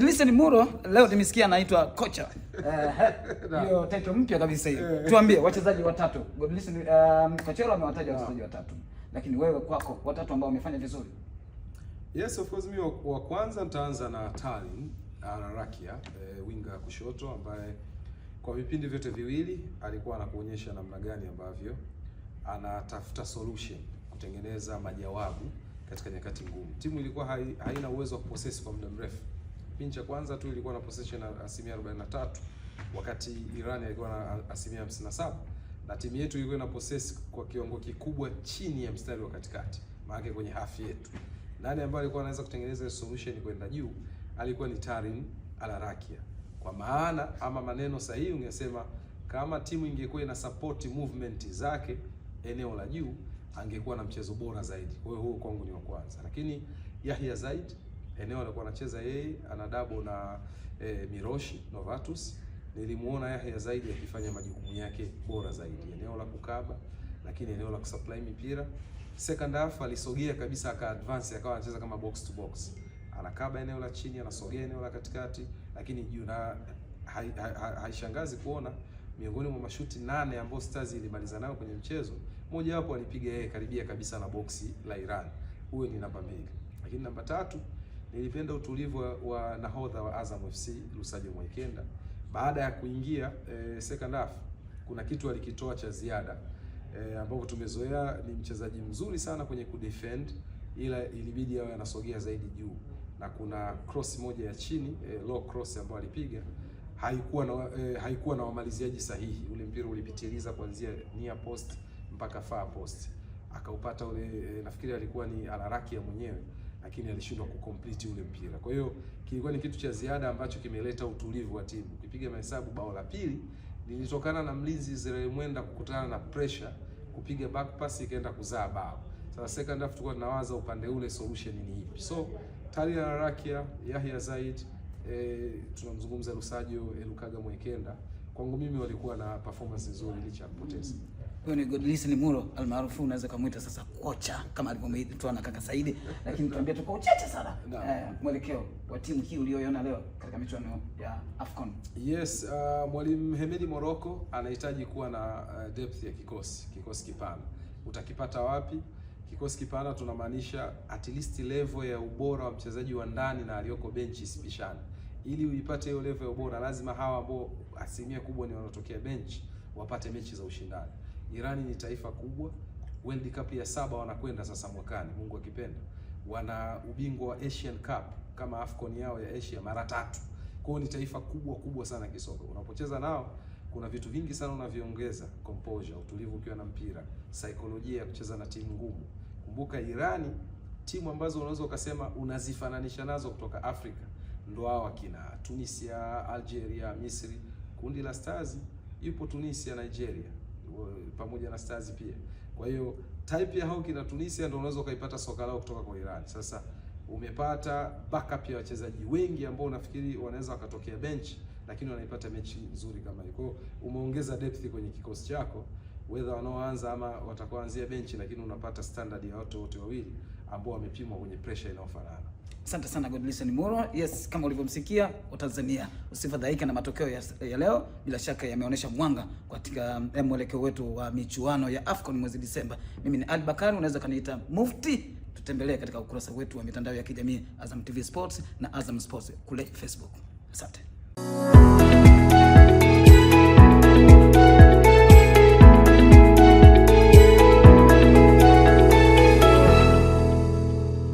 Gleason Muro leo nimesikia anaitwa kocha. Hiyo uh, title mpya kabisa hiyo. Tuambie wachezaji watatu. Gleason um, Kochero amewataja wachezaji watatu. Lakini wewe kwako watatu ambao wamefanya vizuri. Yes, of course mimi wa kwanza nitaanza na Talin Ararakia, e, eh, winga kushoto ambaye kwa vipindi vyote viwili alikuwa anakuonyesha namna gani ambavyo anatafuta solution kutengeneza majawabu katika nyakati ngumu. Timu ilikuwa haina uwezo wa kuposesi kwa muda mrefu. Kipindi cha kwanza tu ilikuwa na possession asilimia 43 wakati Iran ilikuwa na asilimia 57 na timu yetu ilikuwa na possess kwa kiwango kikubwa chini ya mstari wa katikati, maana kwenye half yetu nani ambaye alikuwa anaweza kutengeneza solution kwenda juu alikuwa ni Tarim Alarakia. Kwa maana ama maneno sahihi ungesema kama timu ingekuwa ina support movement zake eneo la juu angekuwa na mchezo bora zaidi. Kwa hiyo huo kwangu ni wa kwanza, lakini Yahya Zaid eneo alikuwa anacheza yeye ana double na e, Miroshi Novatus. Nilimuona Yahya zaidi akifanya ya majukumu yake bora zaidi, eneo la kukaba, lakini eneo la kusupply mipira. Second half alisogea kabisa, aka advance akawa anacheza kama box to box, anakaba eneo la chini, anasogea eneo la katikati, lakini juu na haishangazi ha, ha, kuona miongoni mwa mashuti nane ambayo Stars ilimaliza nayo kwenye mchezo, mmoja wapo alipiga yeye karibia kabisa na boksi la Iran. Huyo ni namba mbili, lakini namba tatu nilipenda utulivu wa, nahodha wa Azam FC Lusajo Mwaikenda baada ya kuingia e, second half kuna kitu alikitoa cha ziada e, eh, ambapo tumezoea ni mchezaji mzuri sana kwenye kudefend, ila ilibidi awe anasogea zaidi juu, na kuna cross moja ya chini e, low cross ambayo alipiga haikuwa na e, haikuwa na wamaliziaji sahihi. Ule mpira ulipitiliza kuanzia near post mpaka far post, akaupata ule e, nafikiri alikuwa ni alaraki ya mwenyewe lakini alishindwa kucomplete ule mpira. Kwa hiyo kilikuwa ni kitu cha ziada ambacho kimeleta utulivu wa timu. Ukipiga mahesabu, bao la pili lilitokana na mlinzi Israel Mwenda kukutana na pressure kupiga back pass ikaenda kuzaa bao. Sasa second half tulikuwa tunawaza upande ule solution ni ipi. So Talia Harakia, Yahya Zaid, eh, tunamzungumza Rusajo Elukaga Mwekenda, kwangu mimi walikuwa na performance nzuri licha ya kupoteza. Huyo ni Godlisten Muro almaarufu unaweza kumuita sasa kocha kama alivyoitwa na kaka Saidi, lakini tuambie tu kwa uchache sana no. eh, mwelekeo wa timu hii uliyoiona leo katika michuano ya Afcon. Yes, uh, mwalimu Hemedi Morocco anahitaji kuwa na uh, depth ya kikosi, kikosi kipana. Utakipata wapi? Kikosi kipana tunamaanisha at least level ya ubora wa mchezaji wa ndani na aliyoko benchi isipishane. Ili uipate hiyo level ya ubora, lazima hawa ambao asilimia kubwa ni wanaotokea benchi wapate mechi za ushindani. Irani ni taifa kubwa, World Cup ya saba wanakwenda sasa mwakani, Mungu akipenda, wana ubingwa wa Asian Cup kama Afcon yao ya Asia mara tatu. Kwa hiyo ni taifa kubwa kubwa sana kisoka. Unapocheza nao kuna vitu vingi sana unaviongeza, composure, utulivu ukiwa na mpira, saikolojia ya kucheza na timu ngumu. Kumbuka Irani, timu ambazo unaweza ukasema unazifananisha nazo kutoka Afrika ndo hao akina Tunisia, Algeria, Misri. Kundi la Stars yupo Tunisia, Nigeria pamoja na Stars pia. Kwa hiyo type ya Hawk na Tunisia ndio unaweza ukaipata soka lao kutoka kwa Iran. Sasa umepata backup ya wachezaji wengi ambao unafikiri wanaweza wakatokea bench, lakini wanaipata mechi nzuri kama hiyo. Kwa hiyo umeongeza depth kwenye kikosi chako, whether wanaoanza ama watakuanzia benchi, lakini unapata standard ya watu wote wawili ambao wamepimwa kwenye pressure inayofanana. Asante sana Godlisten Muro. Yes, kama ulivyomsikia Watanzania, usifadhaika na matokeo ya, ya leo. Bila shaka yameonyesha mwanga katika eh, mwelekeo wetu wa michuano ya AFCON mwezi Disemba. Mimi ni Ali Bakari, unaweza kaniita Mufti. Tutembelee katika ukurasa wetu wa mitandao ya kijamii Azam TV Sports na Azam Sports kule Facebook. Asante.